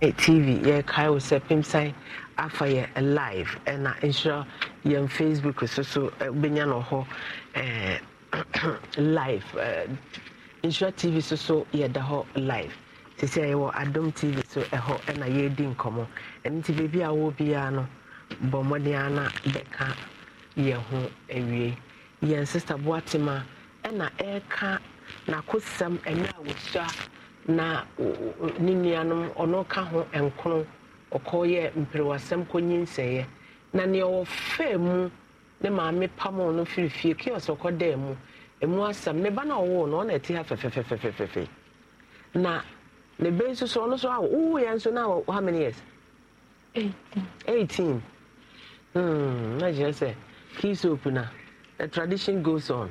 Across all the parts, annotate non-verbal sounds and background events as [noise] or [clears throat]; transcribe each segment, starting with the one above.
tv yɛkae uh, uh, [coughs] uh, wo sɛ pemsan afa yɛ live ɛna nhyira yɛn facebook so so bɛnya no hɔ live nhyira tv so so yɛda hɔ live te sɛ yɛwɔ adom tv so ɛhɔ ɛna yɛredi nkɔmmɔ ɛno nti baabi a wɔ biara no bɔ mmɔden ana bɛka yɛn ho awie yɛn sister boatema ɛna ɛreka n'akosɛm ɛna a wɔsua na ne nuanom ɔno ka ho nkono ɔkɔ yɛ mperewasɛm kɔnyi nsɛeɛ na neɛ ɔwɔ mu ne maame pam ɔno firi fie kios ɔkɔ dɛɛ mu ɛmu asɛm ne ba na ɔwɔ no ɔna ɛte ha fɛfɛfɛfɛfɛ na ne bɛ nso so ɔno so a wowu yɛ nso na how many years 18 hmm, na kyerɛ sɛ key soap na the tradition goes on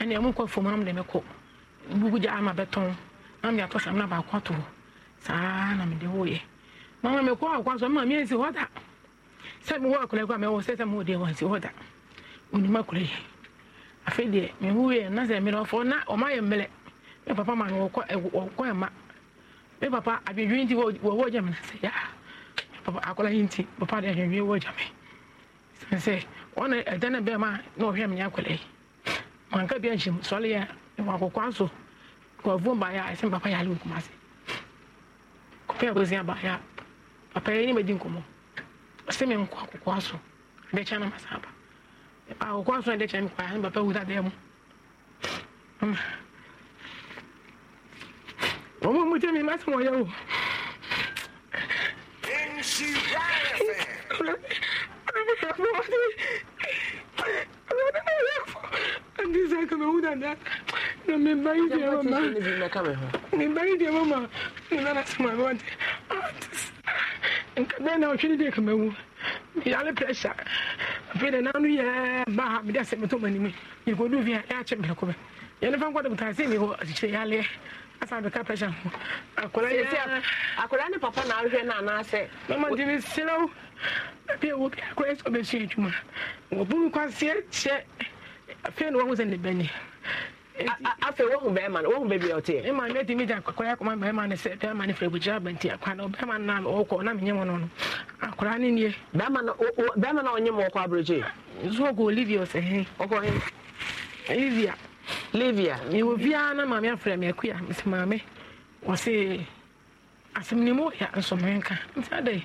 ɛnna ɛmu nkɔ fam nam de mi kɔ bugu gya ama bɛtɔn nam de atɔ sam na baako ato hɔ saa na mi de wo yɛ mama mi kɔ akɔ asɔ mma mi si hɔ da sɛ mi wɔ akɔlɛ kɔ a mi wɔ sɛ sɛ mi wɔ deɛ wɔ nsi hɔ da onim akɔlɛ yɛ afei deɛ mi hu yɛ na sɛ mi na na ɔma yɛ mmelɛ mi papa ma no wɔkɔ ɛwɔ wɔkɔ ɛma mi papa adwendwen ti wɔ wɔ gya mi na sɛ papa akɔlɛ yi nti papa de adwendwen wɔ gya mi sɛ sɛ ɔna ɛdan na bɛɛ ma na ɔhwɛ mi nyɛ akɔlɛ yi manka bi ahyɛm sɔleɛ wakɔkɔa so kɔvuo baayɛ a ɛsɛ papa yɛ ale wɔ kuma ase kɔpɛ a kɔsia baayɛ a papa yɛ ne nkɔmmɔ ɔsɛ me nkɔ akɔkɔa so adɛkyɛ na masa aba akɔkɔa so na adɛkyɛ me kɔa ne papa wuta dɛɛ mu hmm. wɔn mu tɛ me masɛ wɔyɛ wo Then she andi sɛ kama wu dada na meba yi deɛ mama meba yi deɛ mama ne nana sɛ ma bɛwɔ nka bɛn na ɔtwe ne deɛ kama wu meyale pressure afei na nano yɛ ba ha mede asɛ metɔ manim yɛkɔdu vi a ɛakye mmerɛkɔ bɛ yɛne fa nkɔde botaa sɛ meyɛwɔ akyikyire yɛaleɛ asa bɛka pressure ho akwadaa ne papa na ahwɛ no anaasɛ mama nti meserɛ wo bia wɔ bi akɔyɛ sɛ ɔbɛsua adwuma wɔbu nkwaseɛ kyɛ afei na wahu sɛ ne bɛni afei wahu bɛrima no wahu baabi a ɔteɛ ɛma ne ti mi gya akɔkɔrɔ akɔma bɛrima no sɛ bɛrima no fɛrɛ bugyira abɛnti akwa na bɛrima no na ɔkɔ na menyɛ mu no no akɔra ne nie bɛrima no bɛrima no mu ɔkɔ aburokye nso olivia ɔsɛ hɛn ɔkɔ hɛn olivia livia mewɔ biara na maame afrɛ me akua mesɛ maame ɔse asɛm ne nti adɛn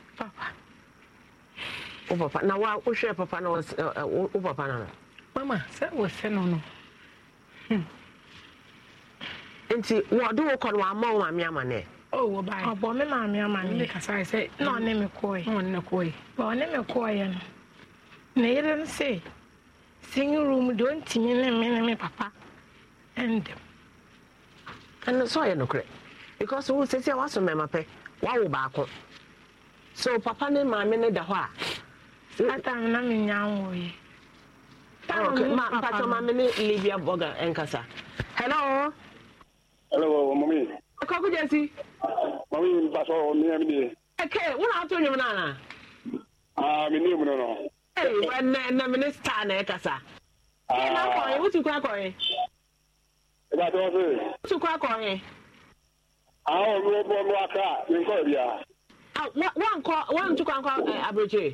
wo papa na wa wohwɛ papa na wo papa no mama sɛ wɔsɛ no no hmm. nti wɔde wo kɔ no wama wo maame amanɛ ɔbɔ me maame amane ne kasae sɛ na ɔne me kɔɛ ba ɔne me kɔɔyɛ no na yere no se sing room de ɔntimi ne me ne me papa ɛndɛm ɛno sɛ ɔyɛ nokorɛ because wo sɛsi a woaso mɛma pɛ woawo baako so papa ne maame no da hɔ a atan na mi nya wo yi okay pato ma me Libya boga enkasa hello hello mommy ko ko jesi mommy pato mi eh, am ni okay wona ato nyum na na ah mi ni mu no eh wan na na minister na ekasa ah na ko yi wutu kwa ko yi e ba to se wutu kwa ko yi ah o mi o bo aka mi ko bia ah wan ko wan tu kwa ko eh, abrojire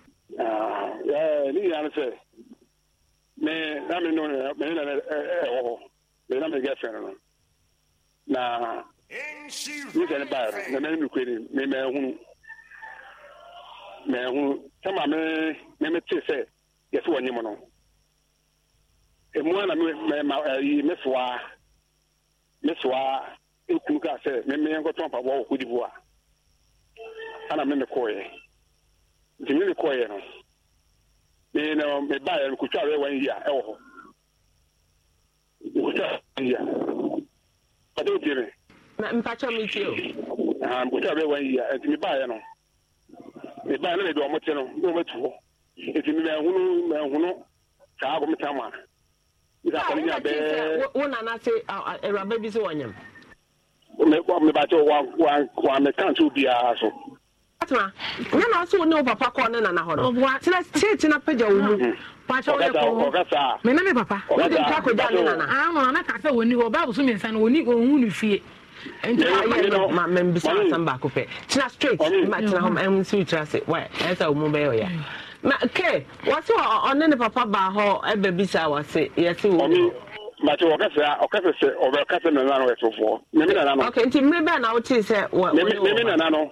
Ah, eh, ne nyinaa ne sɛ me na me no me na ɛwɔ hɔ me na me girlfriend no na me sɛ ne baa no na mɛ ne kure ni me mɛ hunu mɛ hunu sama me me me te sɛ yɛsɛ wɔ nyim no emu na me mɛ ma ɛyi me soa me soa ekunu ka sɛ me me nkɔtɔn pa bɔ wɔ kodibo a ana me me kɔɔ yɛ. nti mi rekɔɔyɛ no me no mebaeɛ no kotwa wɛ wan a ɛwɔ hɔ mekotwa wan yia ɔde wotie me mpakyɛ metie o mekotwa wɛ wan yia nti mebaeɛ no mebaeɛ na mede ɔmote no ne hɔ saa a wonanase awuraba bi sɛ wɔnyam so ya na ɔsɛ onye papa kɔ ne nana na pagya wo mu na woyɛ ụmụ mene me papa wode nka kɔgya ne na ka wɔni hɔ bible so miɛnsa no wɔni ɔhu no fie ma asɛm baako pɛ kyena straight ma kyena se ɛɛ sɛ wo mu bɛyɛ mm. ke wɔse ɔne ne papa baa hɔ bi wɔse yɛse wɔ mate sɛ no meme nana no nti mmere na sɛ meme nana no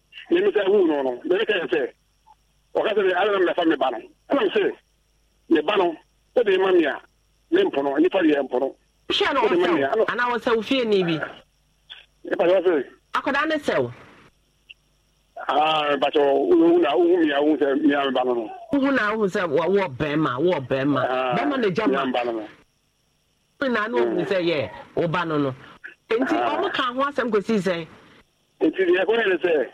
ne mi sɛ wuu nɔnɔ ne mi kɛyɛ sɛ o ka sɛ ala na fa mi ba no ala mi sɛ mi ba no o de ye ma mi a ne mpɔnɔ nipa de yɛ mpɔnɔ. si ana wɔsɛw ana wɔsɛw fie ni bi. ne pa sɛ. akɔda ne sɛw. aa bàtɛ ohun na ohun mi a ohun sɛ mi a mi ba no no. ohun na ohun sɛ wɔ bɛrima wɔ bɛrima bɛrima ne jama. mi a mi ba no no. ohun na ohun sɛ yɛ o ba no no. nti ɔmo kan ho asɛm kò si sɛ. nti deɛ kɔnɛ de sɛ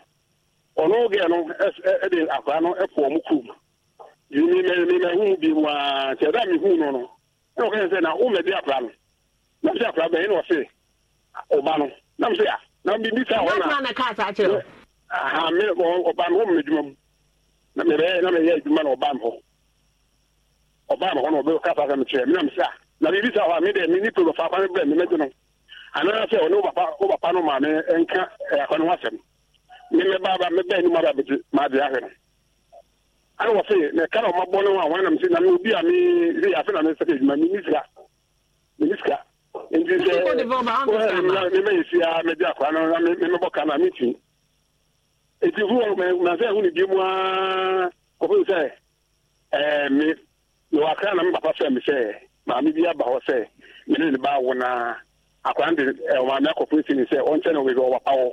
ɔno oge no ɛde e, e, e akwadaa no ɛkɔ ɔmo kurom memahu bi waa nti ɛda mehu no no na ɔka sɛ na womadi akwadaa no na mesɛ akwadaa bɛyɛ na ɔse ɔba no na mesɛ a na bibi sa hɔ na me ɔba no wɔmma adwuma mu na mebɛyɛ na meyɛ adwuma na ɔba me hɔ ɔba me hɔ na ɔbɛka sa sɛ mekyerɛ me na mesɛ a ah, na biribi sa hɔ a ah, medɛ me nipa bɛfa eh, akwa no brɛ me mɛgye no mmemme aba mmebe anim aba abɛgye ma ade ahwɛ no ana wɔ se na ɛka na ɔmabɔ no a m sɛ na obi a meyɛ afe na mesɛka adwuma menni sika menni sika nti sɛ memɛyɛ sia mɛgye akoa akwa na memebɔ ka no a metumi nti hu masɛ ɛho ne a kɔfei sɛ me ọ akra na me papa sɛ me maame bi aba hɔ sɛ mene ne baa na akwaa no de akɔfo ne sɛ wɔ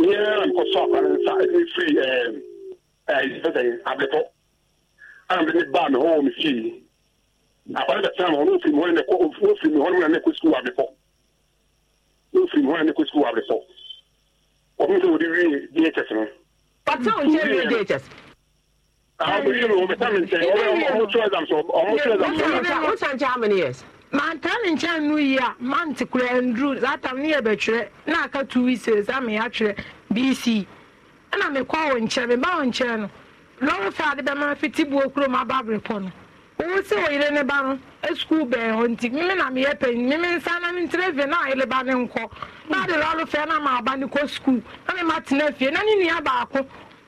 nyinaa nkɔsɔ akwara nsa ɛne firi ɛɛ ɛɛ sɛsɛ abɛtɔ ɛna mɛ ne baa mi hɔ wɔ mi fie akwara bɛ tɛn na ɔno ofiri mi hɔ na ɛkɔ ofiri mi hɔ na ɛkɔ sukuu abɛtɔ ofiri mi hɔ na ɛkɔ sukuu abɛtɔ ɔmo sɛ ɔde wie dhs no. pata o jẹ wie dhs. àwọn ọmọ yìí mi wọ́n bẹ sá mi ntẹ ọmọ ọmọ two exams ọmọ two exams. o sàn jẹ́ how many years manta ne nkyɛn no yi a mante kura nduru saa tam ne yɛ bɛtwerɛ na aka two weeks sɛ saa me atwerɛ bc ɛna mekɔ wɔ nkyɛn meba wɔ nkyɛn no lɔre fɛ ade bɛma fiti buo kurom aba aberepɔ no wɔn sɛ wɔyere ne ba no esukuu bɛn hɔ nti mímí na meyɛ panyin mímí nsa na mi ntire fie na ayere ba ne nkɔ na ade lɔre fɛ na ma aba ne kɔ sukuu na mema tena fie na ne nua baako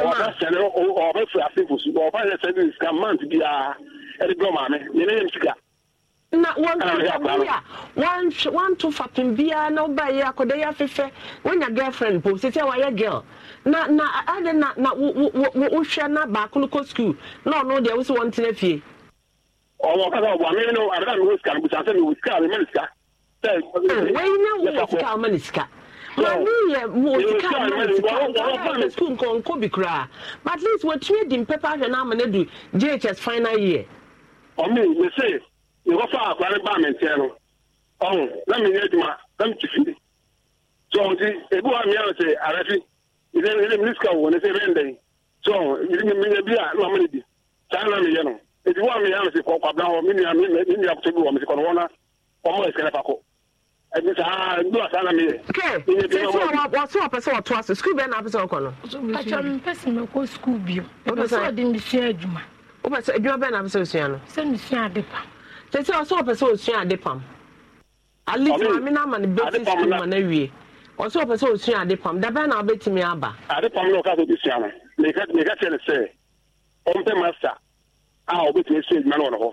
ọba sẹni ọba fi ase fosu ọba yẹ sẹni sika mant biara ẹni bẹ maame yẹn yẹn sika. na wọn sọ wọn to fatin girlfriend po sisi wọn yẹ girl na na adị na na na baako no skul na ọno deɛ wosi wọn tena fie. ọmọ wo sika mi ah, sika. maame yɛ wɔ sika anaa sika nkɔla yɛ sukuu nkɔnkɔ bi koraa but at least wɔtumi di mpɛpɛ ahwɛ n'ama ne do jhs final year. ɔmi mi se nkɔfa akwari baa mi nkyɛn no ɔhun na mi nyɛ adwuma na mi ti fi so ɔn ti ebi wa mi ahun sɛ arafi ɛdɛ ɛdɛ mi sika wɔ ne sɛ ɛbɛn dɛ so ɔn mi mi nyɛ bi a na ɔmo ne di saa na mi yɛ no ebi wa mi ahun sɛ kɔkɔ abira hɔ mi nua mi nua kutu bi wɔ mi si kɔnɔ wɔn na ɔmo ɛdi saa ɛdi wa saa na mi yɛ. kɛ tètè wa wɔsɔ ɔpɛ sɛ ɔtɔ ase sukuu bɛɛ n'apɛ sɛ ɔkɔ no. atwa mi pɛ sɛ mi kɔ sukuu bi o ɛpɛ sɛ ɔdi mi sua adwuma. o pɛ sɛ adwuma bɛɛ o sɛ osua no. sɛ mi sua ade pam. tètè ɔsɔ ɔpɛ sɛ osua ade pam. ali tí maame náà ma ne bɛ ti sukuu ma na wie ɔsɔ ɔpɛ sɛ osua ade pam dabɛn na ɔbɛ ti mi aba. ade pam náà ɔka sɛ obi sua no mɛ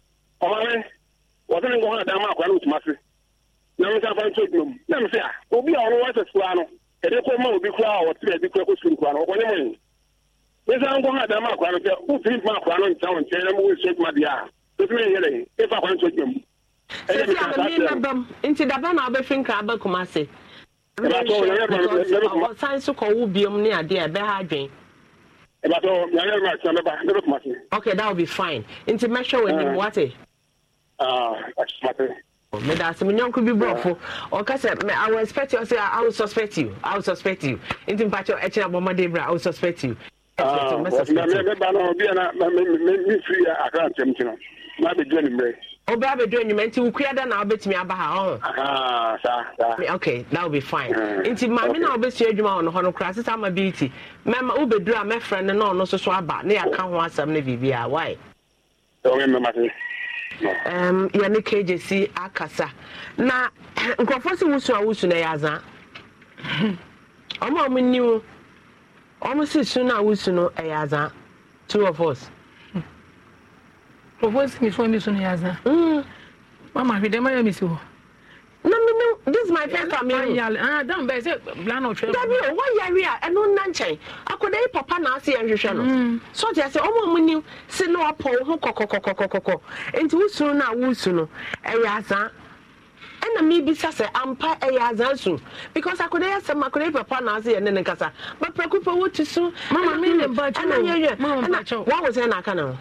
ọmarị ọtara ngwa ha dama akwa na na nrụta afa nche m na msị a obi ọrụ wasa sikwa anụ edekwa mma obi kwa ahụ ọtụrụ ebi kwa nkwa n'ọkwa ọkwanye m onye eza ngwa ha dama akwa nụta utiri mma akwa anụ ncha nche na mgbe nche otu mmadụ ya otu m enyere ịfa akwa nche m nti na abɛfi nka abɛ kumase ɔsan so kɔwo biom ne adeɛ ɛbɛ that will be fine nti mɛhwɛ w'anim wate meda ase me nyɔnko bi borɔfo ɔka sɛ i will expect you ɔsɛ i will suspect you i will suspect you nti mpakyɛ ɛkyerɛ abɔmmɔden bra i will suspect you mɛba no bia na memfiri akrantɛm nti no mabɛdua ne mmerɛ obi abɛdua enyima nti wukua da na ɔbɛtumi aba ha ɔho okay that will be fine nti maame na ɔbɛsua adwuma wɔ no hɔ no kora sisan ama bi ti mɛma wobɛdura mɛfrɛ no na ɔno nso so aba ne yɛaka ho asɛm ne biribi a why yɛne kgyesi akasa na [clears throat] nkurɔfoɔ sɛ wosu a wosu na yɛ azaa [laughs] ɔma ɔmni mu ɔmo se su no a no ɛyɛ azaa two of us nkurɔfoɔ sɛ mifoɔ bi su no azaa mm. mama hwedɛ ma yɛ mesi na me no this my first time here yale ah don be say plan of hwe dabi o wo yare a eno na nkyɛn akoda yi papa na ase yɛhwehwɛ no mm. so te sɛ omo mu ni se no apɔ ho kɔkɔkɔkɔkɔkɔ nti wusu na a wusu no ɛyɛ asan ɛna mebisa sɛ ampa ɛyɛ aza so because akɔda yɛ asɛm akɔda yɛ papa na ase yɛ ne ne nkasa baprako pɛ wotu so mama me ne ba mm, kyɛw ɛna yɛyɛ ɛna wawo sɛ na aka ne ho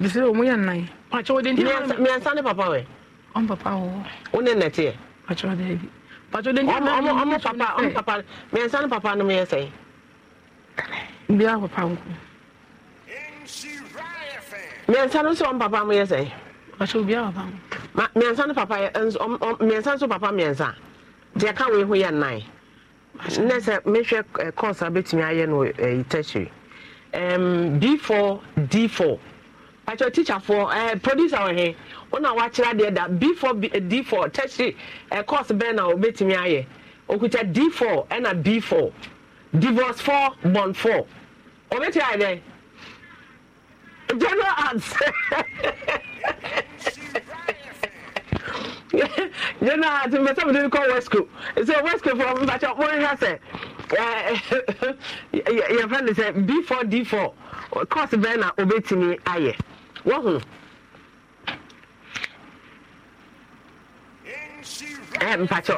bisɛ ɔmo yɛ nnan pakyɛw de nti miɛnsa ne papa ɔn papa wɔ. wo ne nɛte yɛ. patro de bi patro de nyɛ mɛ ɔmo ɔmo papa ɔmo papa mɛnsa ne papa no yɛ sɛn. bia papa nko. mɛnsa no nso ɔmo papa mo yɛ sɛn. patro bia papa nko. ma mɛnsa ne papa yɛ nso ɔmo ɔmo mɛnsa nso papa mɛnsa deɛ ka wei ho yɛ nnan. ne sɛ mehwɛ kɔɔs a bɛtumi ayɛ no ɛyi tɛkyiri b4 d4 patro teacher for uh, producer wɔ he wona wakyerɛ deɛ da b4 d4 tertiary uh, course bɛn na wobɛtumi ayɛ okuta d4 ɛna b4 divorce 4 bond 4 wobɛtumi ayɛ dɛn general arts [laughs] general arts mbɛsɛ mo de kɔ wesco sɛ wesco fɔ mbakyɛ wɔrehwɛ sɛ eh, [laughs] yɛfrɛ no sɛ b4 d4 course bɛn na wobɛtumi ayɛ wɔho Eh, mpakyɛ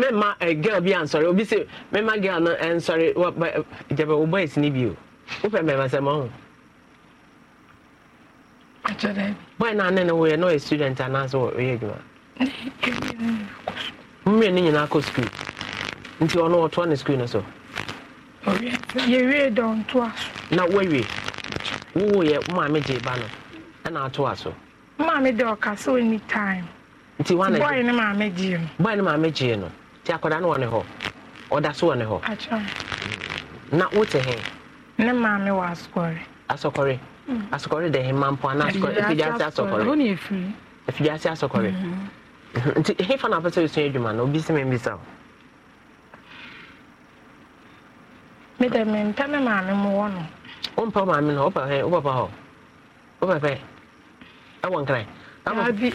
mɛma eh, girl bi ansɔre obi sɛ mɛma girl no ansɔre eh, gyabɛ wo boys no bio wopɛ mmɛmasɛma ho boy no ane no woyɛ na o ɔyɛ student anaasɛ ɔyɛ adwuma mmerɛ no nyinaa kɔ skul nti ɔno wɔtoa ne skul no so oh, yɛwie dɛ ɔntoa so na woawie wowoyɛ maame gye ba no ɛna atoa so maame dɛ ɔka sɛ ɔni time nti wana boy ne maame gye no boy ne maame gye no ti akwadaa no wɔ ne hɔ ɔda so wɔ ne hɔ akyɛ na wote he ne maame wɔ asɔkɔre asɔkɔre mm. asɔkɔre de he mampo ana asɔkɔre efidiase asɔkɔre ɔno yɛ firi efidiase asokore. Mm-hmm. nti hefa na apɛ sɛ esua adwuma no obi si mi mbisa o. mi dɛ mi mpɛ mi maame mu wɔ no. o mpɛ maame no o pɛ hɛ o papa hɔ o pɛ pɛ ɛwɔ nkran. yaabi.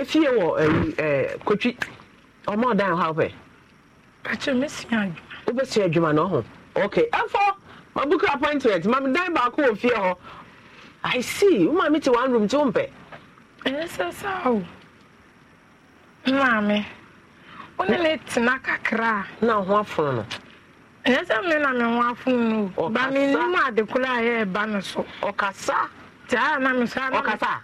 efie wɔ ɛyi kotwi ɔmo ɔdan ha pɛ. kakyɛ mesua adwuma. wobɛsua adwuma na ɔho ok ma book appointment maame dan baako wɔ fie hɔ i see wo maame te one room mpɛ. ɛyɛ sɛ na ho no. ɛyɛ sɛ na ho no. ba a yɛ so. ɔkasa.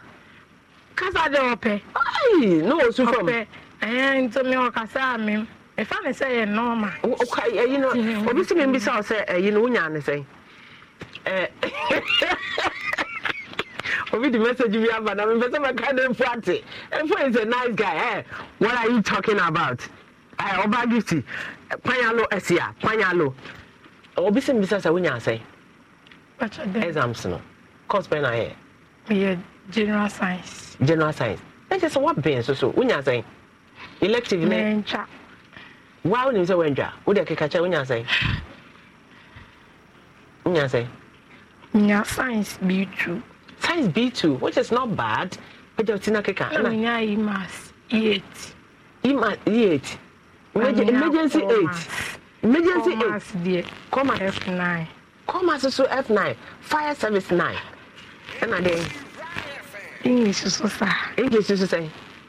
kasa de ɔpɛ. ayi n'o su fam ɔpɛ ɛɛ eh, ntomi ɔkasa mi efa mi sɛ yɛ nɔɔma. o ka ɛyi eh, no obi si mi bi sa ɔsɛ ɛyi eh, no wunya ne sɛn [laughs] obi di message bi aba na mi pɛsɛ mɛ ka ne nfu ate nfu is a nice guy eh what are you talking about ɛ ɔba gifti kwanyalo ɛsia e kwanyalo obi si mi bi sa sɛn. exams no course bɛ na yɛ. general science. general science ẹ jẹ sọ wa bẹn soso wonya sẹn elective ne. mẹntwa. wa wo ni sẹ wẹntwa wo de keka kyẹ wonya sẹn wonya sẹn. nya science b two. science b two which is not bad ẹ jẹ ti na keka. ẹ mi nya emas eight. emas e eight. emergency eight. emergency eight. commerce deɛ commerce f nine. commerce so f nine fire service nine ɛna de english so saa english so sɛn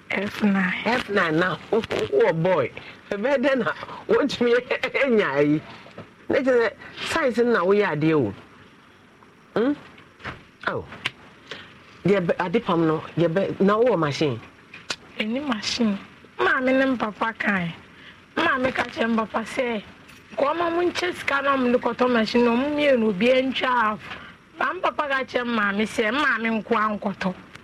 f9 f9 now, oh boy ɛbɛɛ dɛn na wotumi anya ayi na size sɛ science no na woyɛ adeɛ Oh, ao yɛbɛ ade pam no yɛbɛ na wowɔ machine ɛni machine maame ne mpapa kan maame ka kyerɛ mpapa sɛ kɔma mu nkyɛ sika na ɔmo de kɔtɔ machine na ɔmo mmienu obiara ntwa afo ba mpapa ka kyerɛ maame sɛ maame nkoa nkɔtɔ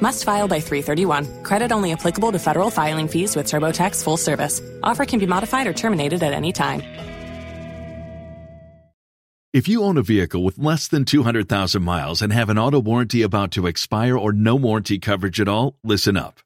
Must file by 331. Credit only applicable to federal filing fees with TurboTax full service. Offer can be modified or terminated at any time. If you own a vehicle with less than 200,000 miles and have an auto warranty about to expire or no warranty coverage at all, listen up.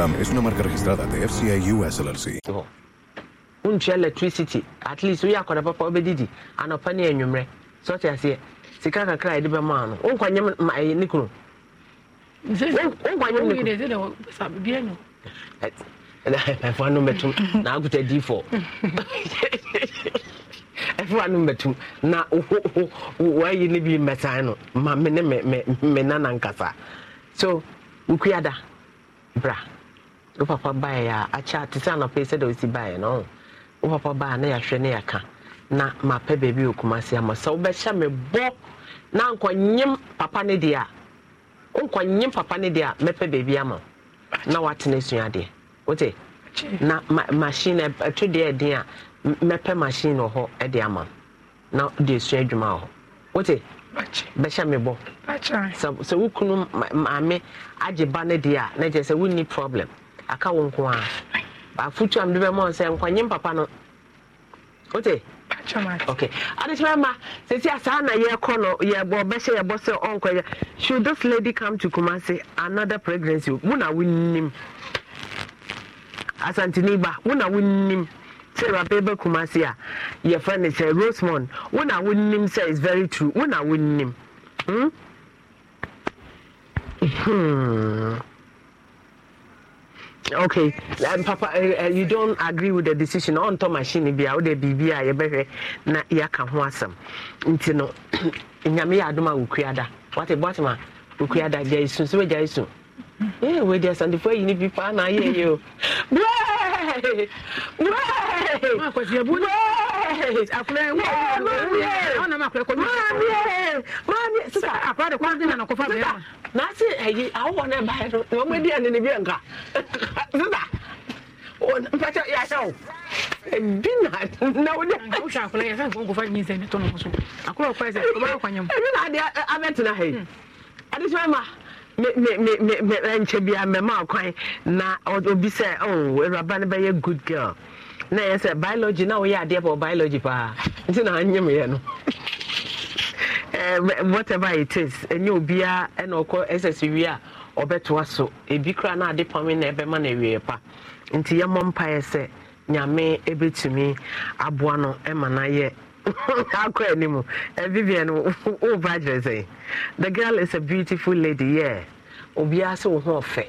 Ram es una marca registrada de FCI US LLC. wontua electricity at least woyɛ akɔda papa wobɛdidi anɔpa ne anwummerɛ sɛ ɔte aseɛ sika kakra a yɛde bɛmaa no wonkwanyɛm ɛyɛ ne Nikuru. wonkwanyɛm ɛfoa no mbɛtum na na bi me me nkasa so bra wo papa baeɛ a akyɛ a te sɛ anɔpɛ sɛdeɛ wosi baeɛ no wo papa baa na yɛahwɛ ne yɛka na mapɛ baabi wɔ kuma se ama sɛ wobɛhyɛ me bɔ na nkɔnyem papa ne deɛ a wonkɔnyem papa ne deɛ a mɛpɛ baabi ama na woatena asua deɛ wote na ma, machine ɛto deɛ ɛden a mɛpɛ machine wɔ hɔ de ama na de asua adwuma wɔ hɔ wote bɛhyɛ me bɔ sɛ wo kunu maame agye ba no deɛ a na kyerɛ sɛ wonni problem aka wo nko a afotu a mede bɛma wo nkwanye mpapa no wote ok adekyerɛ ma sɛsi should this lady come to kumase another pregnancy wo na wonim asantene ba wo na wonim sɛ awurade bɛ kumase a rosemond wo na wonim sɛ is very true wo na wonim hmm? hmm okay um, papa uh, you don't agree with the decision on to machine bi a wo de biribi a yɛbɛhwɛ na yɛaka ho asɛm nti no [clears throat] nyame yɛ adom a wokuada wate bɔtema wokuada gyaesu sɛ wagyaesu ee wei deɛ asantefo ayi ne bi paa na ayɛ yɛ o brɛ brɛ naase ayi awowɔ no ɛbaɛ no na ɔmadi ane ne bi anka sesa mpakyɛ yɛahyɛ wo ebi na na wo de. o ṣe akɔla yɛ sɛ nfɔwɔ nkɔfa yin sɛ ne tɔnɔ kɔsɔ akɔla kɔ ɛsɛ o b'a kɔ ɲɛmu. ebi na adi abɛ tena hɛ adesima ma. nkyɛ bia mmɛma kwan na obi sɛ oh, awuraba no bɛyɛ good girl na ɛyɛ sɛ biology na woyɛ adeɛ pɔ biology paa nti na anyemyɛ no [laughs] eh, whatever it is ɛnyɛ obiaa ɛna ɔkɔ ɛsɛsɛ wie a ɔbɛtoa so ebi na ade na ɛbɛma no pa nti sɛ nyame akɔ anim eh, vivian woba kyerɛ sɛ the girl is a beautiful lady yeah obiara sɛ wo ho ɔfɛ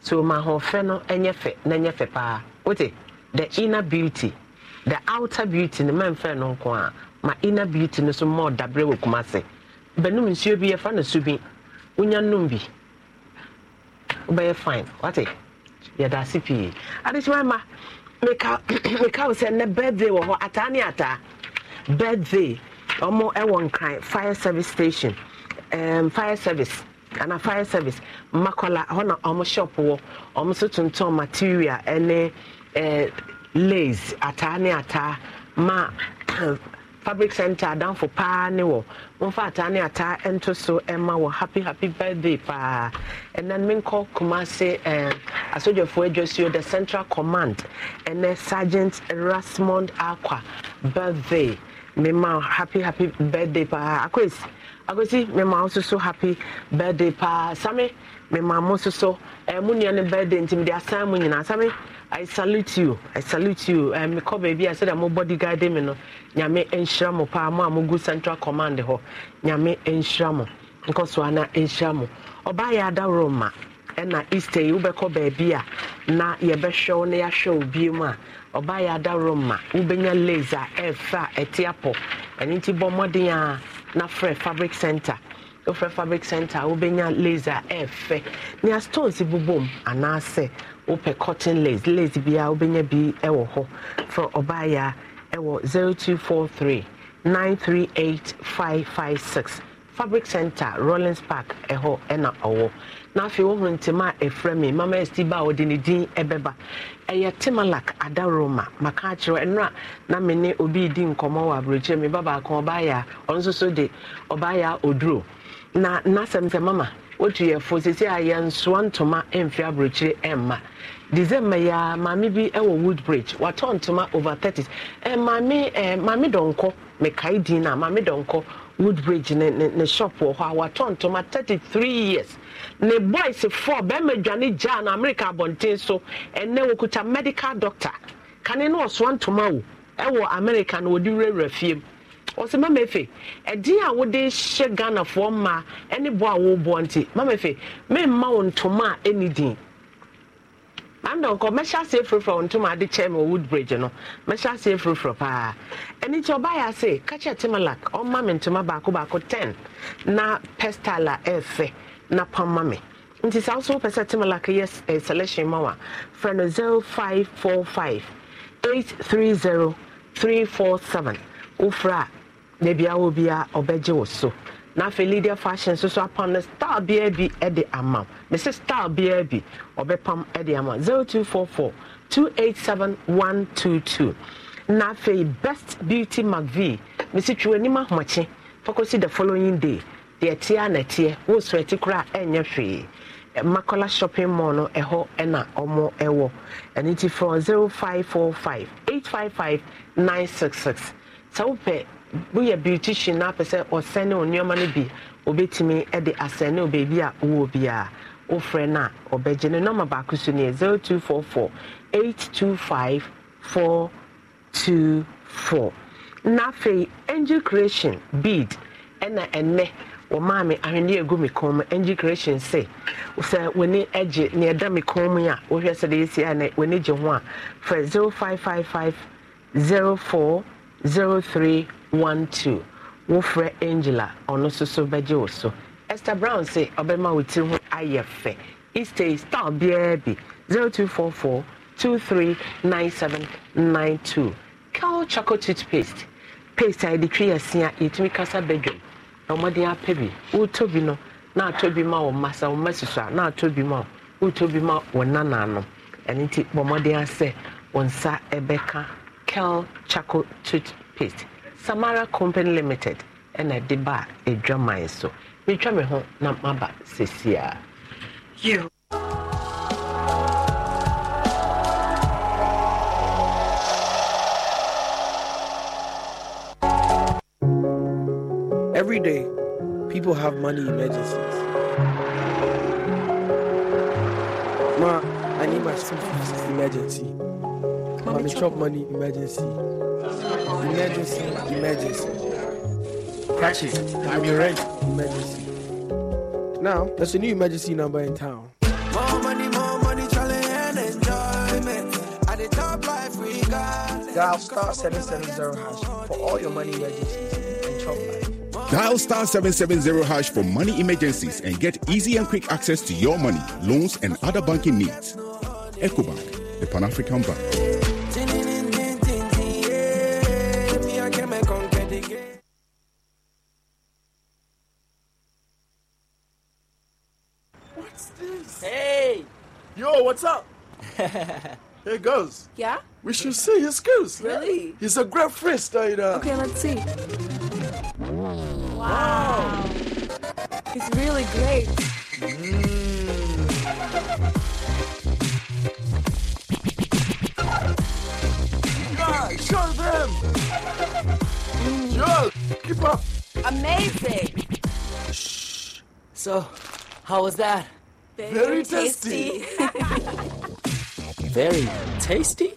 so ma ho ɔfɛ no ɛnyɛ fɛ na ɛnyɛ fɛ paa wote the inner beauty the outer beauty no mamfɛ no nko a ma inner beauty no so ma ɔdabrɛ wɔ kuma se bɛnum nsuo bi yɛfa no so bi wonya nom bi wobɛyɛ fine wate yɛda ase pii adekyima ma meka [clears throat] wo sɛ nnɛ birthday wɔ hɔ ataa ne ataa birthday ɔmo ɛwɔ nkran fire service station um, fire service ana fire service makola hɔ na ɔmo shop wɔ ɔmo nso tontɔn material ɛne ɛɛ e, lace ataa ne ataa ma fabric center adanfo paa ne wɔ mfa ataa ne ataa nto so ma wɔ happy happy birthday paa ɛnan mi nkɔ kumase ɛɛ asogyafoɔ adwasuo the central command ɛnɛ sergeant rasmond akwa birthday. mema happy happy birthday paa akwesi akwesi mema nso so happy birthday paa sami mema mo nso so ɛɛ mo ne birthday nti mi de asan mo nyinaa sami i salute you i salute you ɛɛ mi beebi ase sɛdeɛ mo body guide mi no nyame nhyira mo paa mo a mo gu central command hɔ nyame nhyira mo nkɔsoa na nhyira mo ɔbaa yɛ adaworo ma. ɛna easter yi wobɛkɔ baabi a na yɛbɛhwɛ wo na yɛahwɛ wo bie mu a ɔbaa yɛ ada roma wobɛnya lase a ɛɛfɛ a ɛte apɔ ɛno nti bɔ mmɔden a na frɛ fabric center wofrɛ fabric center a wobɛnya lase a ɛɛfɛ nea stones bobɔ mu anaasɛ wopɛ cotton lace lace biara wobɛnya bi ɛwɔ hɔ frɛ ɔbaa yɛ a ɛwɔ 0243 938556 fabric center rollins park ɛhɔ ɛna ɔwɔ na afei wohunu ntoma a ɛfrɛ me mama ɛsi ba a ɔde ne din ɛbɛba ɛyɛ timalak adaroma maka akyerɛ ɛno na me ne obi di nkɔmmɔ wɔ aburokyerɛ me ba baako ɔbaayɛ a ɔno nso so de ɔbaayɛ a oduro na n'asɛm mama wotu yɛ fo sisi a yɛnsoa ntoma mfi aburokyire ɛmma december yi a maame bi wɔ wood bridge watɔ ntoma over thirty ɛ maame ɛ maame dɔnkɔ mekae din na maame dɔnkɔ wood bridge ne ne ne shop wɔ hɔ a watɔ ntoma thirty three years ne boys four bɛrima dwane gyaa na america abɔnten so ɛnɛ wɔkuta medical doctor kane no ɔsoa ntoma wo ɛwɔ america na wɔde wurawura fie mu ɔsɛ mama efe ɛdin a wɔde hyɛ ghanafoɔ mmaa ɛne bo a wɔrebɔ nti mama efe mɛmma wo ntoma a ɛni din manda nkɔ mɛhyɛ ase efurufuru ntoma ade kyɛn mu wood bridge no mɛhyɛ ase efurufuru paa ɛni kyɛ ɔbaa yɛ ase kakyɛ timalak ɔmma oh, mi ntoma baako baako ten na pestal a ɛɛfɛ na pama me nti saa nso wopɛ sɛ timalak yɛ eh, selection ma wa frɛ no 0545 830 347 wofrɛ a daabia wɔ bia ɔbɛgye wo so na afei lydia fashion nso so apam no star biara bi de ama mese star biara bi ɔbɛpam de ama 0244 287 two. na afei best beauty mcv mese twiw'anim ahomakye fa kɔsi the following day deɛ teɛ a na teɛ wosoro ti kora ɛnyɛ hwee makola shopping mall no ɛhɔ ɛna ɔmo ɛwɔ ɛno ti fɔ zero five four five eight five five nine six six sɛ wopɛ woyɛ beautician na apɛ sɛ ɔsɛne o nneɛma no bi obetumi ɛde asɛne o beebi a wowɔ biara wofrɛ no a ɔbɛgye no nɔma baako so neɛ zero two four four eight two five four two four na afei angel creation bead ɛna ɛnɛ wɔmaa me ahwenneɛ egu me kɔn mu ng creation sɛ sɛ wɔne gye nea ɛda me kɔn mu a wɔhwɛ sɛ deɛ esi a na wɔne gye ho a fɛ zero five five five zero four zero three one two wofrɛ angela ɔno nso so bɛgye wo so esther brown sɛ ɔbɛma wo tiri ho ayɛ fɛ easter star biara bi zero two four four two three nine seven nine two cal chocolate toothpaste paste a yɛde twi yɛ se a yɛtumi kasa bedroom ɔmɔden apɛ bi wotɔ bi no na atɔ bi ma wɔn mma wɔn mma a na atɔ bi ma wotɔ bi ma wɔn nana ano ɛne ti ɔmɔden asɛ wɔn nsa ɛbɛka kel charcoal toothpaste samara company limited ɛna ɛde ba edwaman so metwa me ho na maba sesia. you. every day, people have money emergencies. Ma, I need my school fees emergency. Ma, me chop money emergency. Emergency, emergency. Catch it. I'm your rent emergency. Now, there's a new emergency number in town. More money, more money, challenge and enjoyment. At the top life we got. Dial star 770 hash for all your money emergencies and chop life. Dial star 770 hash for money emergencies and get easy and quick access to your money, loans, and other banking needs. EcoBank, the Pan African Bank. What's this? Hey! Yo, what's up? [laughs] hey, goes. Yeah? We should see his skills. Really? He's a great freestyler. Okay, let's see. Wow. It's really great. Mm. Guys, show them! Mm. keep up! Amazing! Shh. So, how was that? Very, Very tasty. tasty. [laughs] Very tasty?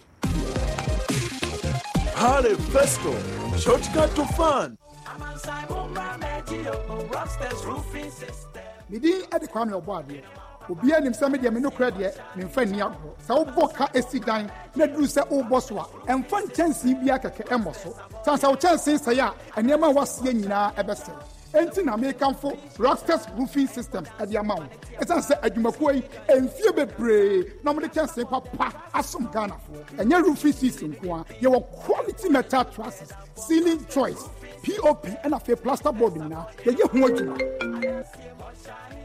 Hale Festo, shortcut to fun! mede ɛde kwa me ɔbɔ adeɛ obiara nim sɛ medeɛ me nokorɛ deɛ memfa nni agorɔ sɛ wobɔ ka ɛsi dan na duru sɛ wobɔ so a ɛmfa nkyɛnsee biara kɛkɛ ɛmmɔ so sane sɛ wo kyɛnsee sɛe a ɛnneɛma a woaseɛ nyinaa ɛbɛsɛe enti na mekamfo rockstars roofing systems ɛde ama wo ɛsiane sɛ adwumakuo yi ɛmfie bebree na ɔmode kyɛnsee papa asom ghanafoɔ ɛnyɛ roofing season nko a yɛwɔ quality metal trusses sealing choice pop ɛna afei plaster board nyinaa yɛyɛ ho adwuma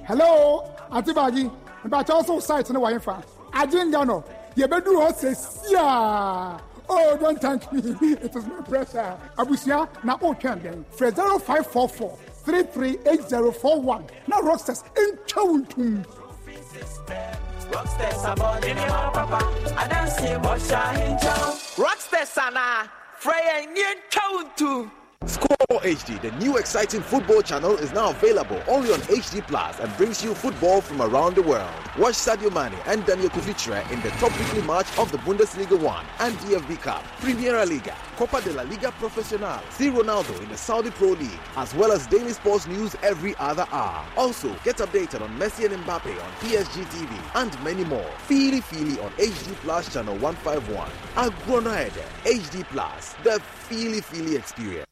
hello ante baagi mpakyɛw so site ne wɔyɛ fa agyenga no yɛbɛduru hɔ Oh, don't thank me. [laughs] It is my pressure. Abusia, na otwɛn dɛn. Frɛ 0544 338041. Now Rockstars in wo Rockstar, Rockstars abɔde ne ma papa. Rockstars anaa, frɛ Score HD, the new exciting football channel, is now available only on HD Plus and brings you football from around the world. Watch Sadio Mane and Daniel Kuvitra in the top weekly match of the Bundesliga 1 and DFB Cup, Primera Liga, Copa de la Liga Profesional, see Ronaldo in the Saudi Pro League, as well as daily sports news every other hour. Also, get updated on Messi and Mbappe on PSG TV and many more. Feely Fili on HD Plus Channel 151. Agronaide HD Plus, the Feely Fili experience.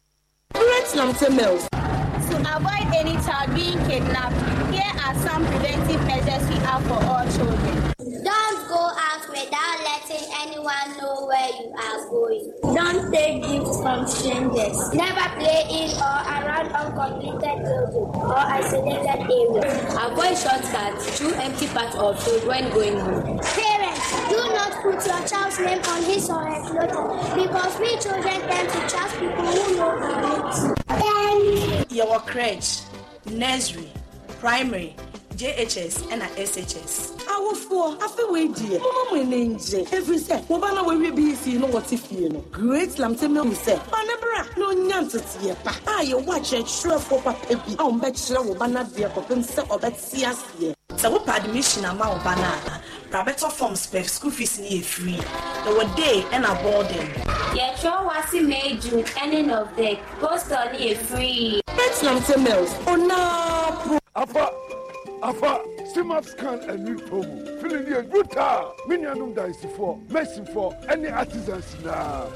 To avoid any child being kidnapped, here are some preventive measures we have for all children. Don't go out without letting anyone know where you are going. Don't take gifts from strangers. Never play in or around uncompleted buildings or isolated areas. Avoid shortcuts to empty parts of food when going home. Parents, do not put your child's name on his or her clothing because we children tend to trust people who know our needs. Your crèche, nursery, primary, jhs and a shs Our awofoɔ afɛwei deɛ moma mo ne ngye ɛfiri sɛ wɔba na wɔawie be fii no wɔte you no great lamtɛmɛ hu sɛ ɔne bra na ɔnya nteteɛ pa a yɛwɔ akyerɛkyerɛfoɔ papa bi a wɔmbɛkyerɛ wo ba no set. kɔpem bet ɔbɛte aseɛ sɛ wopɛ admission ama wo ba no a prabɛtɔ forms pɛ school fees no free. There were day and a boarding Yet yɛtwerɛ wase may june ending of the postal no yɛ free bet namte mills ɔnaa po afa simap scan ani tomu fili deɛ duta me nuanom dansifoɔ mɛsifoɔ ɛne artisans nyinaa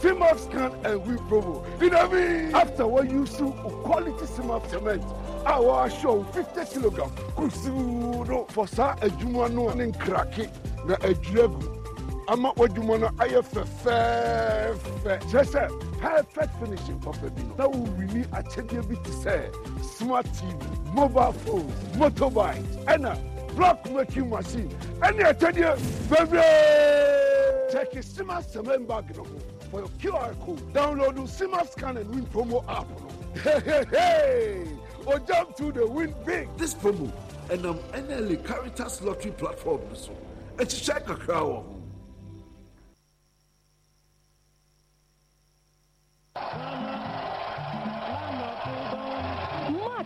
simap scan and wheel promo dinami after wɔn use quality simap cement our show 50 kilogram kusuu for for a adwuma no ne nkrake na a gu ama w'adwuma no ayɛ fɛfɛɛfɛ kyerɛ sɛ perfect finishing for Fabino. That will wo wini akyɛdeɛ to say. smart TV, mobile phones, motorbikes, ɛna block making machine ɛne baby? Take a Sima Semen bag for your QR code. Download the Sima Scan and Win promo app [laughs] Hey, hey, hey! Or oh, jump to the win big. This promo and I'm um, NLA Caritas Lottery platform so a check a ho.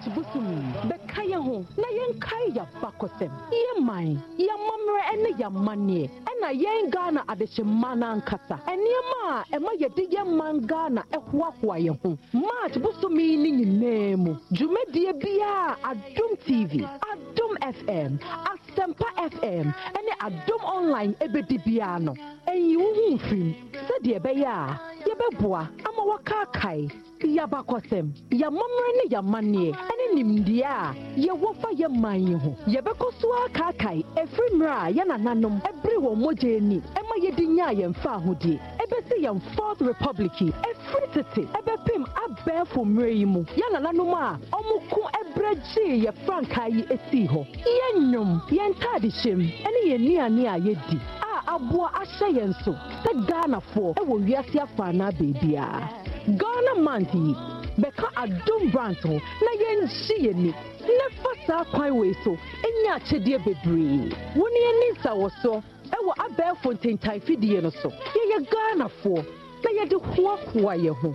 August bosom bɛka yɛn ho na yɛnkae yɛba kɔsɛm yɛ man yɛmammerɛ ne yɛamanneɛ ɛna yɛn ghana adehyemma no ankasa ɛnneɛma a ɛma yɛde yɛn man ghana ɛhoahoa yɛn ho march bosom yi ne nyinaa mu dwumadie biara adom tv adom fm asɛmpa fm ne adom online ɛbɛdi biara no ɛnyi wo ho mfirim sɛdeɛ ɛbɛyɛ a yɛbɛboa ama wɔakaakae yɛabakɔsɛm yɛamɔmmerɛ ne yɛamanneɛ ne nimdeɛ a yɛwɔ fa yɛ man yi ho yɛbɛkɔ so a kaakae ɛfiri mmerɛ a yɛnananom ɛbere wɔn mogya ani ɛma yɛde nyaa yɛmfa ahodeɛ ɛbɛsi yɛn fourth republic yi ɛfiri tete ɛbɛpem abɛɛfo mmerɛ yi mu yɛnananom a ɔmoko ɛbrɛ gyee yɛ frankaa yi esii hɔ yɛn nnwom yɛn ntaadehyɛm yɛn nnuane a yɛdi a aboa ahyɛ yɛn so sɛ ghanafoɔ ɛwɔ wiase afaanaa baabiara ghana month yi bɛka adom brand ho na yɛnhye yɛni na fa saa kwan wei so ɛnyɛ akyɛdeɛ bebree wo ne yɛni nsawɔsoɔ ɛwɔ abɛɛfo ntentan fidie no so yɛyɛ ghanafoɔ na yɛde hoahoa yɛ ho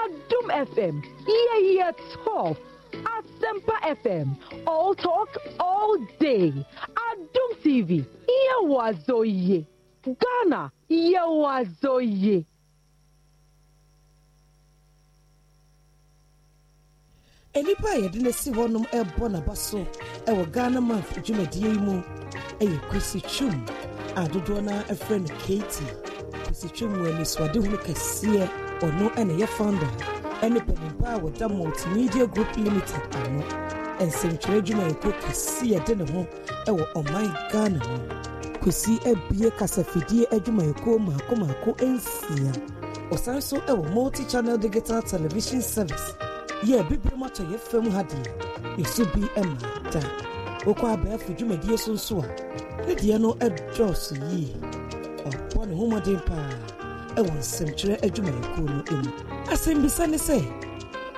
adom fm yɛyɛ top asempa fm all talk all day adom tv yɛwɔ azɔ yie ghana yɛwɔ azɔ yie nnipa a yɛde no hɔ hɔnom ɛrebɔ n'aba so ɛwɔ ghana month dwumadie yi mu ɛyɛ kwesi twom a dodoɔ no ɛfrɛ no kati kwesi twom wɔ anisoadehunu kɛseɛ ɔno ɛna ɛyɛ founder ɛne panimpa a wɔda multimedia group limited ano nsɛntwerɛ adwumayɛkuo kɛseɛ de ne ho ɛwɔ ɔman ghana ho kwesi abie kasafidie adwumayɛkuo maakomaako nsia ɔsan so ɛwɔ multi channel digital television service yɛ bibire mu atɔ yɛ fam ha deɛ yɛso bi ma da wokɔ abɛɛfo dwumadie so nso a e e ne deɛ no dɔɔso yie ɔbɔ ne ho mmɔden paa ɛwɔ nsɛmtwerɛ adwumayɛkuo no mu asɛmbisa ne sɛ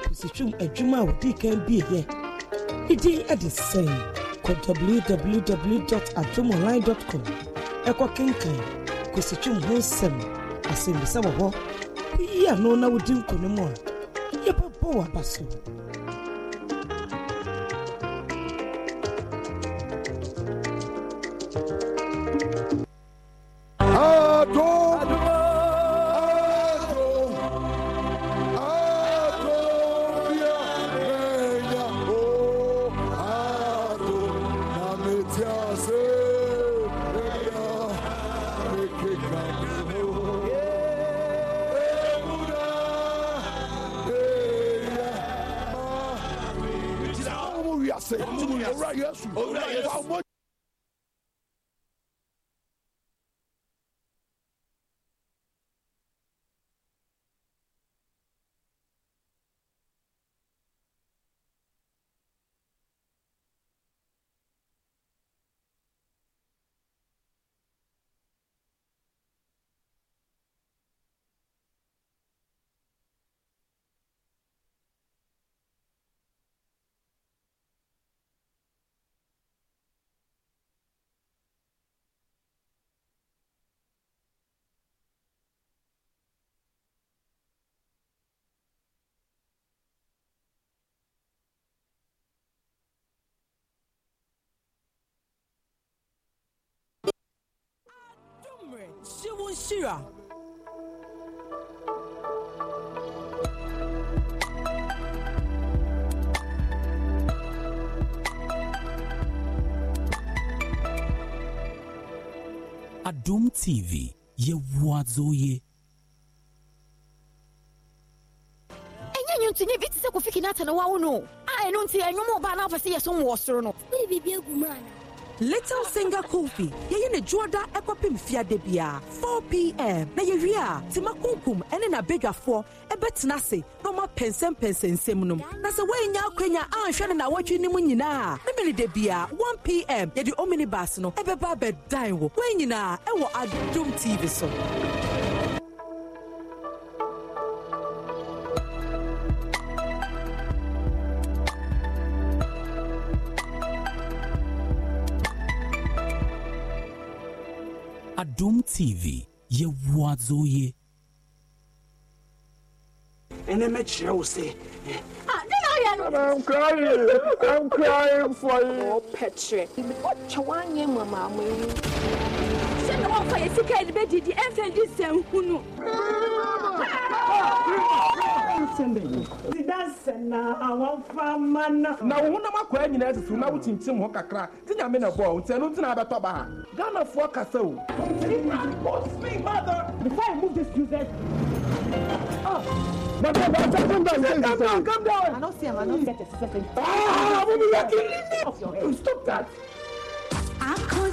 kositwum adwuma a wɔdii kan bieyɛ ne din de sɛn kɔ www adwomonline com ɛkɔ kenkan kositwum ho nsɛm asɛmbisa wɔ hɔ woyi ano na wodi nkonim a boa, parceiro. Adum TV, ye wazoye. ɛnyɛ nti ne bi te sɛ kofi kinata na wawo no a ɛno nti ɛnwom ɔbaa na sɛ yɛ so soro no mu ana little singer kofi yɛyɛ ne juada ɛkɔpem fiade bia 4pm na yɛwie a tima kunkum ɛne n'abadwafoɔ ɛbɛtena ase na ɔma pɛnsɛmpɛnsɛnsɛm nom na sɛ woanya akwanya anhwɛ ne nawɔtwe no mu nyinaa na mene da bia 1pm yɛde omnibus no ɛbɛba abɛdan wo wɔn nyinaa ɛwɔ adom tv so Doom TV yɛ wadzo yie. ɛnɛ e mɛkyerɛ wo sɛ I'm ah, crying. I'm crying for you. Oh, Petre. What you want, Mama? Send one for your sick and bed. The infant is saying, Who knows? na wo honam akwaa nyinaa susu na wokyimkyim ho kakra nti nyame na bɔɔ nti ɛno nti na abɛtɔ ba ha ghanafoɔ kasa o But ah. come down, come down, come down, not see him. I don't Ah, ah, ah Stop that. आंखों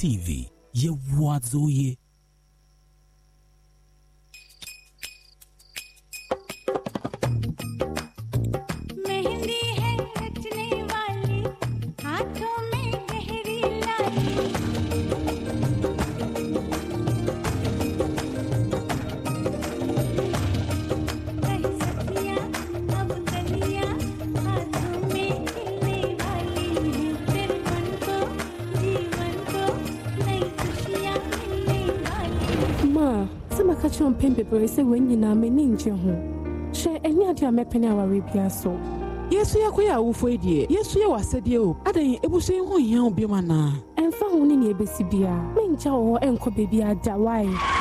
TV ya Wadzoye adɔe sɛ wɔn nyinaa m'ani ngye ho hyɛ ɛnyɛ ade a mɛpɛne awareɛ biara so yesu yɛkɔyɛ awofo yi e deɛ yesu yɛ w'asɛdeɛ o adɛn ebusu yi ho hia wo biom anaa ɛmfa ho ne nea o enko menkyɛ wɔ hɔ ɛnkɔ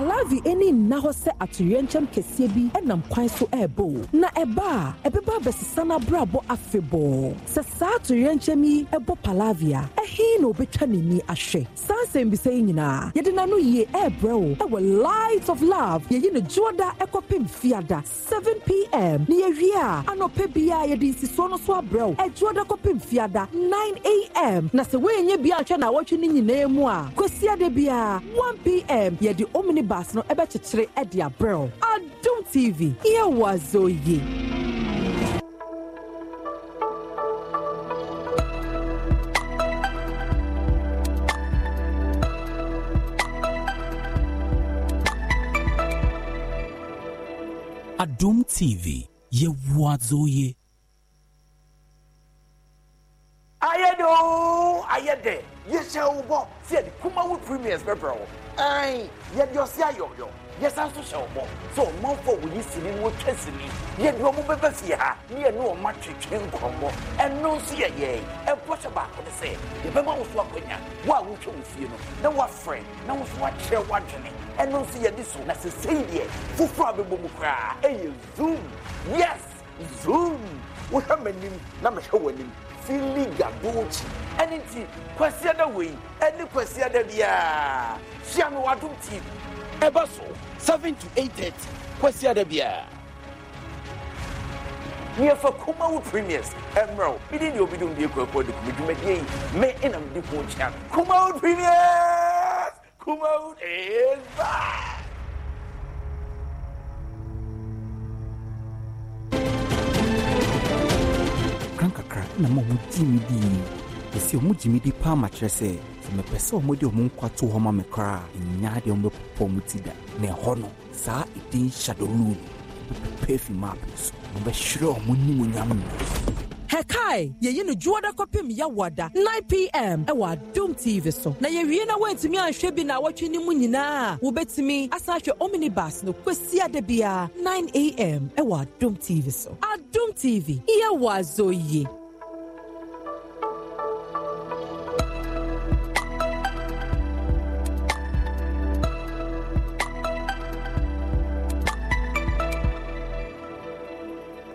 palavi ani nna hɔ sɛ atoyerɛnkyɛm kɛseɛ bi nam kwan so ɛrebɔ na ɛba a ɛbɛba abɛsesa no abrabɔ afebɔɔ sɛ saa atoyerɛnkyɛm yi ɛbɔ palavi a ɛhe na obɛtwa n'ani ahwɛ saa nsɛmbisa yi nyinaa yɛde n'ano yie ɛrebrɛ wo ɛwɔ light of love yɛyi no dwoɔda ɛkɔpem fiada 7pm na yɛwie a anɔpɛ bia yɛde nsisoɔ no so abrɛ wo ɛdwoɔda kɔpem fiada 9am na sɛ woɛnyɛ bia nhwɛ na awɔtwe no nyinaa mu a kwasiada bia 1pm yɛde omni bars no ɛbɛkyekyere ɛde abrɛw adum tv yɛwɔ azɔ yie. Adum TV, ye wazoye. premiers bɛbrɛ wo ɛn yɛde ɔse ayɔyɔ yɛsan so hyɛ ɔbɔ sɛ ɔmanfoɔ a wɔyi sini no wɔtwa sini yɛde ɔmo bɛba fie ha ne yɛne ɔma twetwe nkɔmmɔ ɛno nso yɛ yɛn ɛbɔhyɛ baako de sɛ yɛbɛma wo so akwanya wo a wotwa wo fie no na woafrɛ na wo so wakyerɛ woadwene ɛno nso yɛde so na sesei deɛ foforɔ a bɛbɔ mu koraa ɛyɛ zoom yes zoom wohwɛ m'anim na mehwɛ w'anim filiga bochi ɛne nti kwasi ada wei ɛne kwasi ada biara sua mi wa dum ɛba so seven to eight thirty kwasi ada biara nneɛfa kumawo premiers ɛmmerɛw mede deɛ obidom deɛ kurakura de kumi yi me ɛnam de ko kyea kumawo premiers kumawo ɛɛba na ma wɔgye me ɛsi ɔmo me di paa ma kyerɛ sɛ sɛ sɛ ɔmo de ɔmo nkwa to hɔ ma deɛ ɔmo ɔmo ti da na ɛhɔ no saa ɛdin no so ɔmo no Hekai, ye yinu juada kopim ya 9 p.m. Ewa Doom TV so. Na ye wiena wentimi anhwe bi na awatwe ni mu nyinaa. Wobetimi asa hwe omnibus no kwesi adebia 9 a.m. Ewa Doom TV so. Adum TV, ya wazo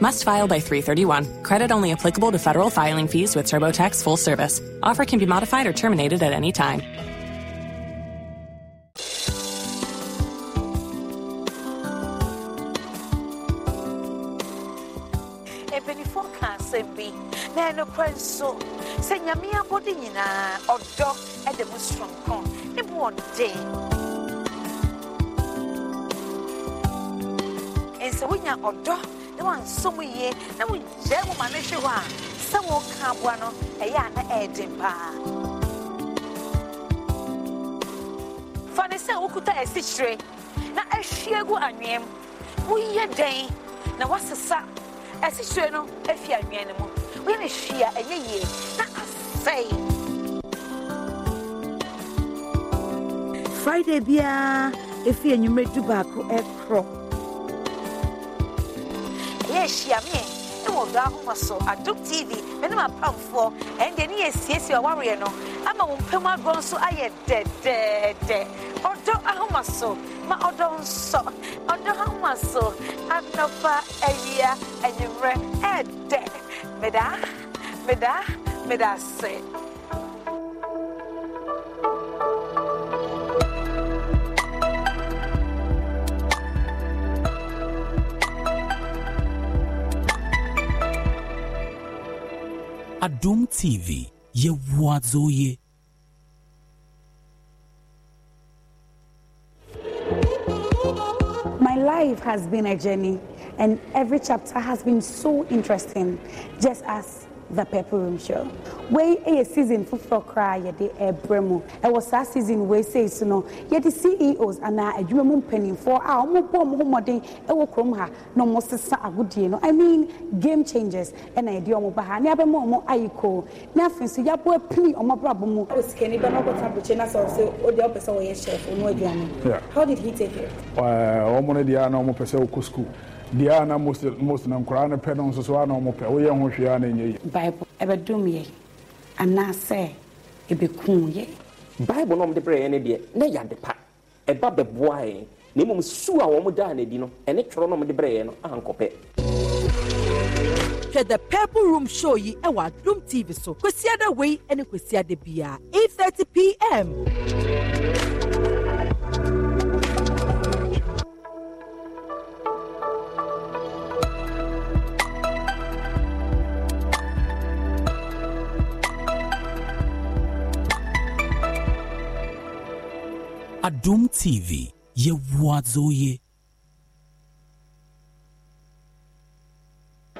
Must file by 331. Credit only applicable to federal filing fees with TurboTax full service. Offer can be modified or terminated at any time. mpanyinfoɔ ka asɛm bi na na wansom yie na wogyae mu ma no hwe hɔ a sɛ wɔka aboa no ɛyɛ a na ɛɛden paa fa ne sɛ wokuta asikyire na ahwie gu anwea mu woyɛ dɛn na woasesa asikyire no afi anwea no mu woyɛ no hwie a ɛnyɛ yie na asɛe friday biara ɛfiri anwummerɛ baako ɛkorɔ yɛ ahyia me ɛwɔ ɔdɔ ahoma so adom tv me ne mapamfoɔ ɛnde ne yɛ ɔwareɛ no ama wo mpam agorɔ nso ayɛ dɛdɛɛdɛ ɔdɔ ahoma so ma ɔdɔ nsɔ ɔdɔ ahoma so anɔpa awia anwummerɛ ɛɛdɛ meda meda meda ase Adum TV My life has been a journey, and every chapter has been so interesting, just as the purple room show wei yɛ season foforɔ koraa yɛde ɛbrɛ mu was saa season wei say so no the ceos anaa adwuma mu mpanimfoɔ a wɔbɔ wɔn ho mmɔden ɛwɔ kurom ha No, most na a agodie no i mean game changers ɛna yɛde wɔn ba ha ne abɛma wɔn ayi koo na afei nso yɛabɔ apini wɔn abrabɔ mu. o sikani bɛ n'ɔkɔ tan bukye na sɛ ɔsɛ o deɛ ɔpɛ sɛ ɔyɛ chef ɔno aduane. how did he take it. wɔn no deɛ na wɔn pɛ sɛ ɔkɔ school. deɛ a na most na no pɛ no nso so a na ɔmo pɛ woyɛ ho hwee a ɛnyɛ yi. bible ɛbɛdom yɛ anaasɛ ɛbɛkum yɛ. bible na ɔmo de brɛ yɛn no deɛ na yɛ ade pa ɛba bɛboa yɛn na mmom su a wɔn da n'adi no ɛne twerɛ na ɔmo de brɛ yɛn no ankɔpɛ. hwɛ the purple room show yi ɛwɔ adum tv so kwesiada wei ɛne kwesiada biara eight thirty pm. Adum TV yewazoye.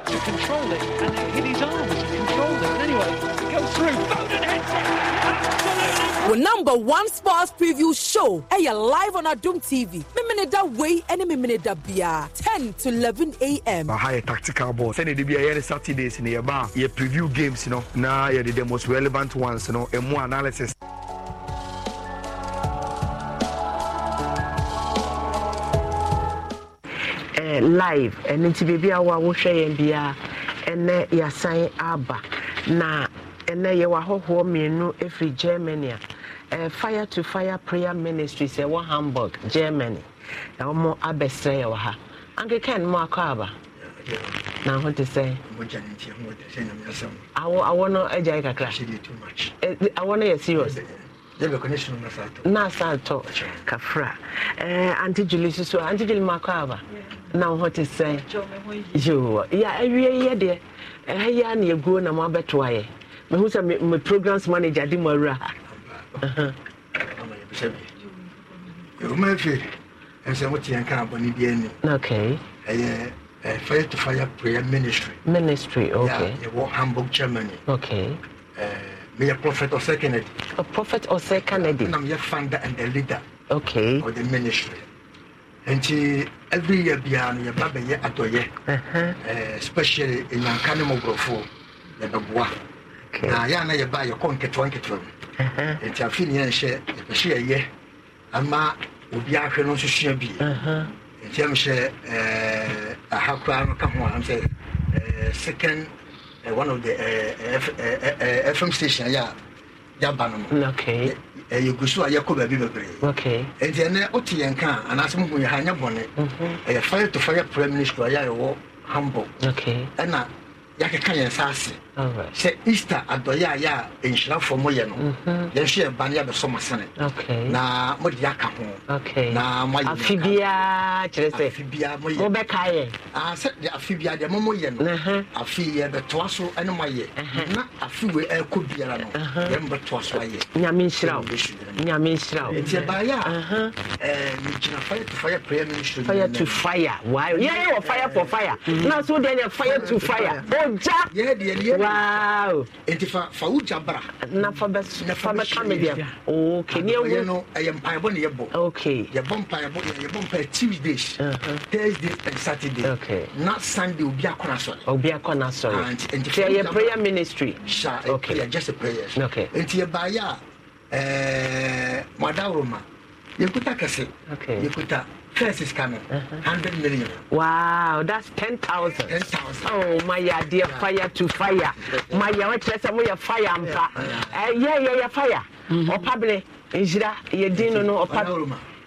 He control it and hit his arms. He controlled it. Anyway, go through. Foden heads Well, number one sports preview show. Hey, you're live on Adum TV. Miminida way and Miminida bia. 10 to 11 a.m. A higher tactical ball. Send it to be a Saturdays in the bar. Your preview games, you know. Now, you're the most relevant ones, you know. And more analysis. live ɛno nti baabi a woawohwɛ yɛn biara ɛnɛ yɛasan aba na ɛnɛ yɛwɔ ahɔhoɔ mmienu ɛfiri germany a fire to fire prayer ministry sɛ ɛwɔ hamburg germany ɛwɔ abɛsrɛ yɛwɔ ha ankeka no mu akɔ aba na ho te sɛ awɔ no agyae kakra awɔ no yɛ serious na asa kafra uh, anti julie soso anti julie mu akɔ aba na wɔ te sɛ yoo yɛ awie yɛ deɛ ɛha yɛ ana eguo na mo abɛto ayɛ mehu sɛ me programs manager di mo awura. ewuma efe ɛsɛ mo tiɛ nkan abɔ ne bi anim. okay. ɛyɛ eh, ɛ eh, fire to fire prayer ministry. ministry okay. yɛ wɔ hamburg germany. okay. ɛɛ eh, meyɛ prophet ɔsɛ kennedy. a prophet ɔsɛ kennedy. na meyɛ founder and the leader. okay. of the ministry. nti every year biara no yɛba bɛyɛ adɔyɛ especially nyanka ne mmɔborɔfoɔ yɛbɛboa na yɛ ana yɛba yɛkɔ nketewa nketewa mu nti afei ne yɛnhyɛ yɛpɛ sɛ yɛyɛ ama obi ahwɛ no nso sua bie nti ɛmehyɛ aha koraa no ka ho a sɛ second uh, one of the uh, uh, uh, uh, fm station yɛ a yɛaba no no ɛyɛ gu so a yɛkɔ baabi bebree nti ɛnɛ wote yɛn ka anaasɛ muhu yɛ ha nyɛ bɔne mhm. ɛyɛ fire to fire prayer ministry a yɛayɛwɔ hamburg ɛna yɛakeka yɛn sa ase Ah, sɛ easter adɔyɛ mm-hmm. a yɛ a nhyirafoɔ moyɛ no yɛnhwɛ yɛ ba no yɛabɛsɔ mo asene na mode yɛ aka ho na moayɛafe biaa kyerɛ sɛ afe biaa moyɛwobɛkaeɛ sɛ deɛ afe biaa deɛ momoyɛ no afe yɛbɛtoa so ne moayɛ na afe wei ɛrekɔ biara no yɛmbɛtoa so ayɛ nyame nhyira wo nyame nhyira wo nti ɛbaayɛ a megyina fire to fire prayer ministry fire to fire wow yɛyɛ wɔ fire for fire na so wodeɛ fire to fire ogya yɛdeɛ wow enti fa fa wo na fa bɛ fa bɛ ka mi deɛ okay ni ewu no ɛyɛ mpaebɔ na yɛbɔ okay yɛbɔ mpaebɔ yɛbɔ mpae tuesdays uh-huh. thursdays and saturday okay na na sɔre obi akɔ na sɔre enti ah, enti fa wo jabra prayer ministry sha eh, okay yɛ just a prayer okay enti yɛ baayɛ a ɛɛ eh, mɔdawuruma yɛkuta kɛse yɛkuta. Okay first is coming. Uh-huh. Hundred million. Wow, that's ten thousand. Ten thousand. Oh my dear, yeah. fire to fire. My yeah, what you say? We fire, ampa. Eh, yeah, yeah, yeah, fire. Or probably, injira, you didn't know, or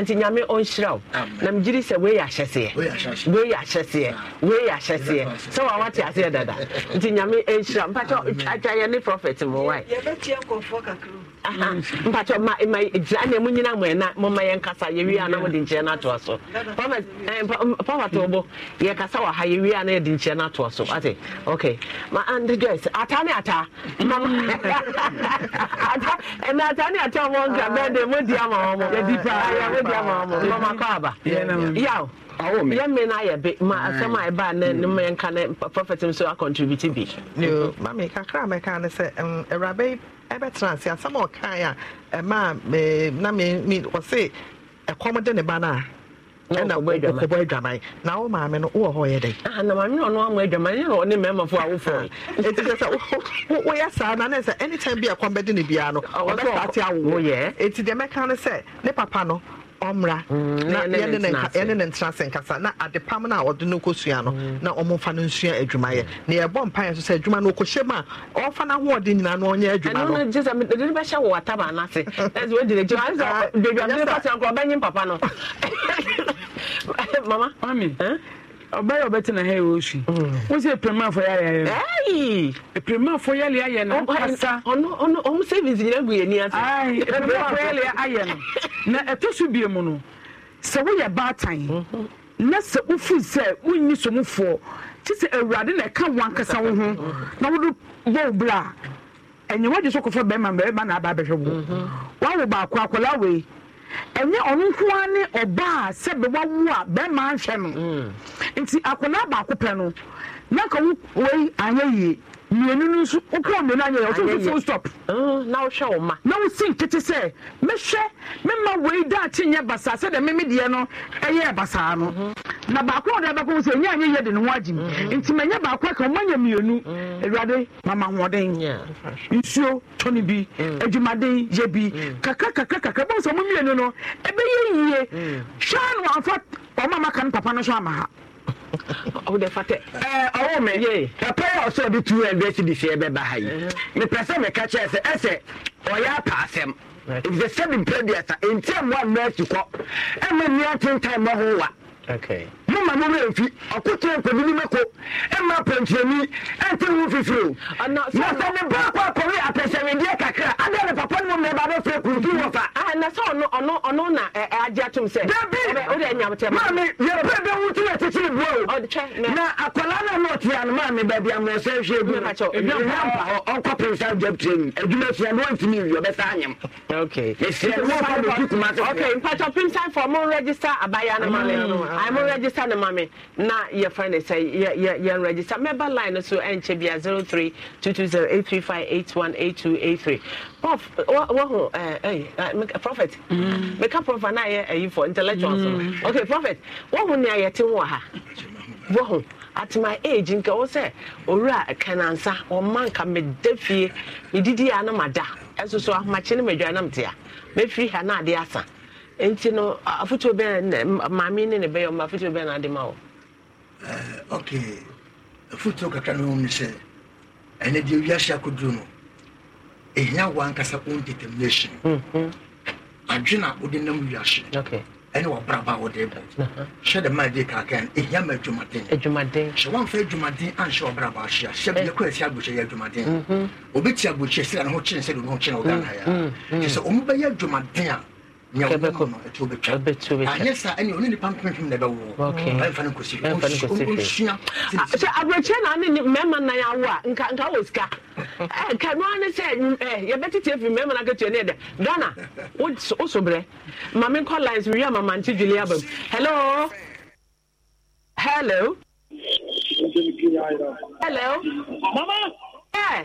nti nyame ɔnhyira wo na megyeri sɛ wei yɛ ahyɛseɛ wei yɛ ahyɛseɛ wei yɛ ahyɛseɛ sɛ wawate aseɛ dada [laughs] nti nyame ɛnhyira mpakyɛ twa yɛ ne prɔfɛt mɔ mpakyɛ ma ma gyina na emu nyina mɔɛ na mɔma ya nkasa yɛwie a na mɔde nkyɛn na atoa so pɔmɛ ɛɛ pɔmɛ tó bɔ yɛ kasa wɔ ha yɛwie a dị nche na atoa so ate okay ma and jọs ata ne ata mama [laughs] ata ɛna ata ne ata wɔn nka bɛɛ de mo di ama ọmụ. mo yɛ di paa yɛ mo di ama ọmụ mama kɔ aba ya yaw. yɛme no ayɛ be ma asɛm a ɛbaa mm. ne ne mɛnka ne prɔfɛt nso akɔntribute bi mame kakra mɛka ne sɛ awuraba yi ɛbɛtena ase asɛm a ɔkae a ɛma na ɔse ɛkɔm de ne ba no a ɛna kɔbɔ adwaman na wo maame no wowɔ hɔ yɛ dɛn ah, na maame no ɔno ama adwaman ɛna ɔne mmarimafo a wofɔ ɛnti ah, sɛ sɛ woyɛ saa na ne sɛ anytime bi a ɛkɔm bɛde ne biara no ɔbɛsaa te awowo ɛnti deɛ mɛka ne sɛ ne papa no ɔmmra hmm, na yɛne ne ntena nkasa na adepam no a ɔde no kɔsua hmm. no na ɔmomfa no nsua adwumayɛ hmm. na yɛbɔ mpaeɛ so sɛ adwuma no ɔkɔhyɛ mu a ɔmfa no ahoɔden no ɔnyɛ adwuma no mama mami hm? ọbẹ̀rẹ̀ ọbẹ̀ tẹ̀ na hẹ́ yóò sùn mm. wọ́n sẹ́ pèrèmà fọ yà yà yà yà pèrèmà fọ yà lè ayẹ nà nkasa ọ̀nà ọ̀nà ọ̀mú sẹ́fìsì yẹn gu ní ase pèrèmà fọ ayẹ nà na ẹ̀tọ́ so bìí mu no sẹ́ wọ́n yẹ baatan na sẹ́ wofu sẹ́ wọ́n nyi sọmufoɔ kye sẹ́ awurade na ɛka wọn ankasa wọn ho na wọ́n do bọ́ọ̀ bra ɛnyɛ wọ́n gye so kɔfɔ bɛrima bɛrima na aba abɛhwɛ wo wɔn awo baako akwadaa ɛnyɛ ɔno nko ara ne ɔbaa sɛ bɛwawu a bɛrima nhwɛ no nti akwadaa baako pɛ no na ka wo wei anyɛ yie mmienu no nso wokɔ mmienu anyɛ yɛ ɔsɛ full stop mm, na wohwɛ wo ma na wosi nkete sɛ mehwɛ mema wei daakye basa basaa sɛdeɛ meme deɛ no ɛyɛɛ basaa no mhm. na baako ɔde bɛkɔ ho sɛ ɛnyɛ anyɛ yɛ de ne ho agye m mhm. nti manyɛ baako aka ɔmanyɛ mmienu mhm. awurade mama hoɔden nsuo tɔ no bi mm. adwumaden yɛ bi mm. kakra kakra kakra bɛhu sɛ mmienu no ɛbɛyɛ yie hwɛ no amfa ɔma maka no papa no so ama ha ɔwɔde fatɛ. ɛɛ ɔwɔ mi yie ɛpɛyɛ ɔsɛ ɔbi tu ɛgbɛ si di si ɛbɛba ha yi mipɛ sɛ mi ka kyerɛ sɛ ɛsɛ ɔyɛ apa asɛm efisɛ sɛbi mpɛ bi ɛsa nti ɛmu a mɛɛsi kɔ ɛmu nua tentan mɛ ho wa mo ma mo bɛ nfi ɔkutu nkɔbi ni mako ɛma pɛntiɛni ɛnti hu fifiri o na sɛ ne ba kakra adi ɛni papa ni mo mɛ ba bɛ fɛ kuntu wɔ fa. na sɛ ɔno na ɛ adi atum sɛ. dabi maami yɛrɛ bɛ wuti na titiri bu o. na akɔla na n'o ti yan maami bɛbi amuna sɛ fi egu na npa ɔnkɔ pɛnsa jɛ tirɛni edumɛ fiyan n'o ntumi wi ɔbɛ s'a nyam. ok ɛsɛ n'o fa bɛ fi kuma sɛ. ok mpatɔ pinsan fɔ mo register abaya ni mo register. Uh, register no ma me na yɛfa no sɛ yɛn register mɛba line no so ɛnkyɛ bia 03 22083581823 prof wahu uh, uh prophet meka mm. prophet na yɛ ayifo uh, intellectuals mm. okay prophet What nea yɛte ho wɔ ha wahu at my age nka wo sɛ owura kanansa ɔma nka meda fie medidi a ah, na mada ɛso so ahomakye ne me na mtea mɛfiri ha na ade asa nti no afotuo bɛn na maame ne ne bɛyɛ ɔmo afotuo bɛn na adi ma o. ɛɛ eh, ok afotuo kakra na wɔn sɛ ɛnɛ deɛ wiase akoduro no ehia wa ankasa own determination mhm. adwe na wɔde nam wiase ɛne wɔbraba a wɔde bɔ hyɛ dɛ maa de kaaka no ehia ma adwumaden adwumaden hyɛ wɔnfa adwumaden anhyɛ wɔbraba ahyia hyɛ bi yɛkɔ eh. esi agbɔhyɛ yɛ adwumaden mhm. obi ti agbɔhyɛ sira ne ho mhm. kyerɛ sɛ de ne ho kyerɛ wɔ ghana ya kyerɛ sɛ bɛyɛ adwumaden a sɛ aberɛkyerɛ ah, [laughs] eh, eh, na ne mmarima nan awo a nka wɔ sika kanoa ne sɛ yɛbɛtete afiri mmarima no akatua ne ɛdɛ ghana woso berɛ ma menkɔ lines wie a mamante dwele aba hello hello hello mama yeah.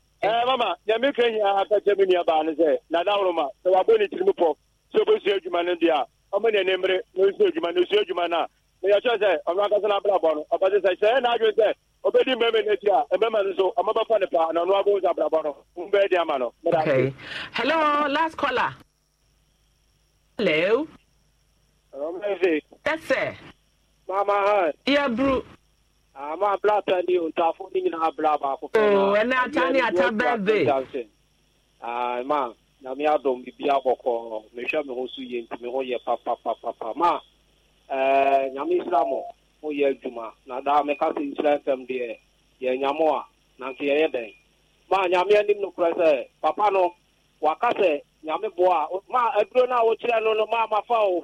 ɛɛ eh, mama nyame kra nyinaa ka kyɛ me nuabaa no sɛ nadaworo ma sɛ wabɔ ne tirim pɔ sɛ obɛsua adwuma no deɛ a ɔma ne ne mmere na ɔsua adwuma no ɔsua adwuma no a meyɛkyerɛ sɛ ɔno ankasa no abrabɔ no na sɛ sɛ na adwene sɛ obedi mmɛmɛ n'akyi a mmɛmɛ no so ɔma bɛfa ne paa na ɔno abɔ sɛ abrabɔ no mbɛɛ de ama no hello last caller hello hello that's ha. mama ama ah, abla tani ntaafo ne nyinaa abla baako ɛnɛ ata ne ata bɛɛbe ah, ma na me adɔm bibi akɔkɔ mehwɛ me ho so yɛ nti me ho yɛ papapapapa ma nyame eh, nhyira mɔ woyɛ adwuma na daa meka sɛ nhyira fm deɛ yɛ nyamo a nanke yɛyɛ dɛn ma nyame anim nokorɛ sɛ papa no waka sɛ nyame boa a ma aduro no a wokyerɛ no no ma amafa o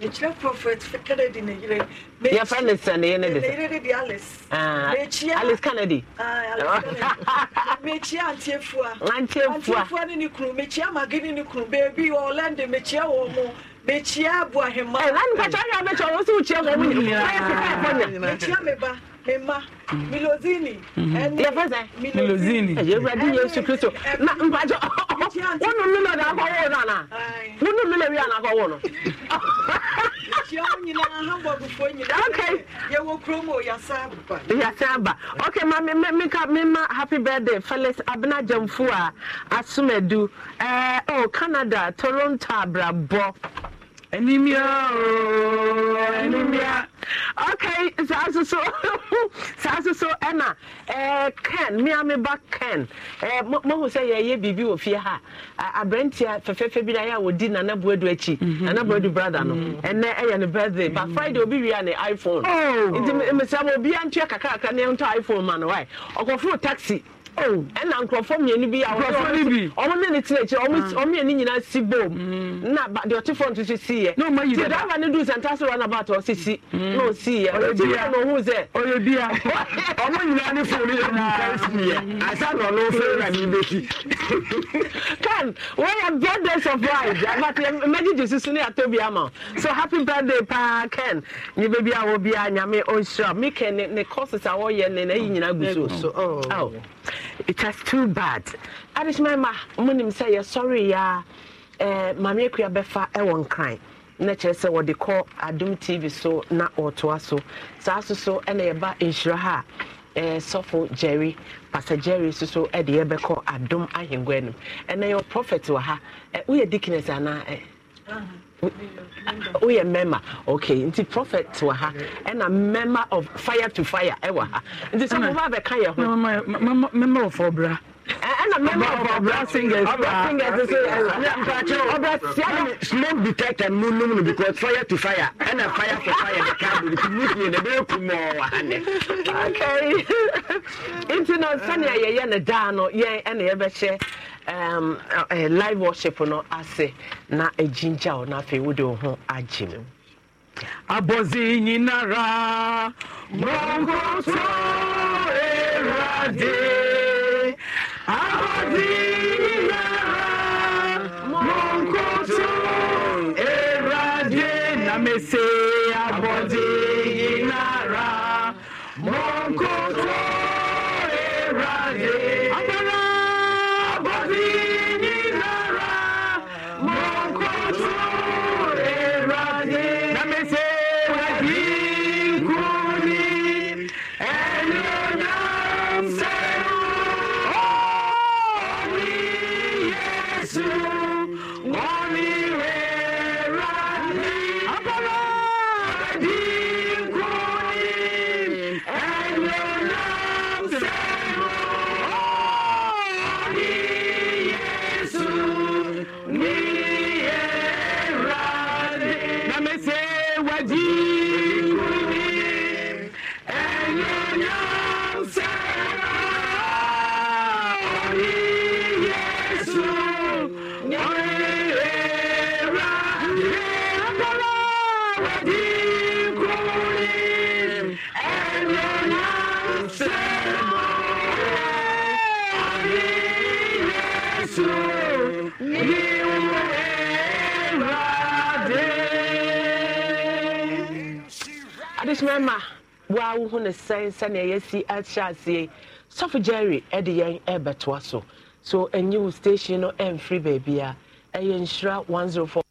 yɛkyerɛ prophet kennedy ne yere yɛfrɛ ne sɛ ne yɛ ne sɛ yere de alice ah, mekyia alice kennedy ah, [laughs] mekyia antiefua antiefua ne ne kunu mekyia magi ne ne kunu beebi wɔ ɔlɛnde mekyia eh, wɔn mo mekyia nyinaa mema mhm. milozini milozini ewurade yesu kristo na mpatsɔ wọnú mílíọ̀nù náà kọ́ wọ́ọ̀ náà náà wọnú mílíọ̀nù náà kọ́ wọ́ọ̀ náà. Okay. Yasaba. Okay, ma me me me ka me ma happy birthday Felix Abena Jamfua Asumedu. Eh uh, oh Canada Toronto Brabo. Anemia, anemia. Okay, that's so. That's [laughs] so. Anna, eh, Ken, me am back Ken. Eh, mo mo say ye ye fie ha. Abrentia fefefe bi na ya wodi na na buedu echi. Mhm. Na na buedu brother no. Ene eh ne birthday, but Friday obi wi an iPhone. Oh! Nti me say obi antua kakra ne nto iPhone man why. Okofo taxi. Oh. ɛna nkurɔfoɔ mmienu bi a wɔn ne ne tena akyire wɔn ah. mmienu nyinaa si bom mm. na deɛ ɔte fɔm nso si yɛ ti ne du santa so rana ɔsi si na yɛ na sɛ ɔyɛ bia [laughs] nyinaa ne yɛ mu ah. si yɛ asa na ɔno fɛn na ne bɛ ti. [laughs] kan birthday surprise mɛgye gye susu ne ato bi ama so happy birthday paa nye nyame ɔnhyira mi ne ne na eyi nyinaa gu so. it was too bad adesima ma mo nim sɛ yɛsɔre yɛ a ɛɛ eh, maame akua bɛfa ɛwɔ nkran na kyerɛ sɛ wɔde kɔ adum tv so na ɔtoa so saa so so ɛna yɛba nhyira ha eh, sɔfo jerry pastor jerry so so ɛde yɛbɛkɔ adum ahengua no ɛna yɛ prophet wɔ ha ɛ eh, woyɛ dikines anaa woyɛ mɛma okay nti prophet wɔ ha ɛna mɛma of fire to fire ɛwɔ ha nti sɛ moba bɛka yɛ ho mɛma of ɔbra ɛna mɛma of ɔbra singers ɔbra singers sɛ ɔbra siana smoke detector mu num no because fire to fire ɛna fire for fire bɛka do nti mu hie na ɛbɛyɛ kumɔɔ wɔ ha nɛ okay [laughs] nti no sɛnea yɛyɛ no daa no yɛn ɛna yɛbɛhyɛ Um, eh, live worship no ase na ɛgyingya wo no afei wode wo ho agye mu abɔze nyinara mɔnkoso erade abɔze nyinara mɔnkoso erade na mese bɛrima wa wohu ne sɛn sɛnea yɛsi akyerɛ aseɛ sɔfo jerry de yɛn ɛrebɛtoa so so ɛnyi wo station no ɛmfiri baabi a ɛyɛ nhyira 104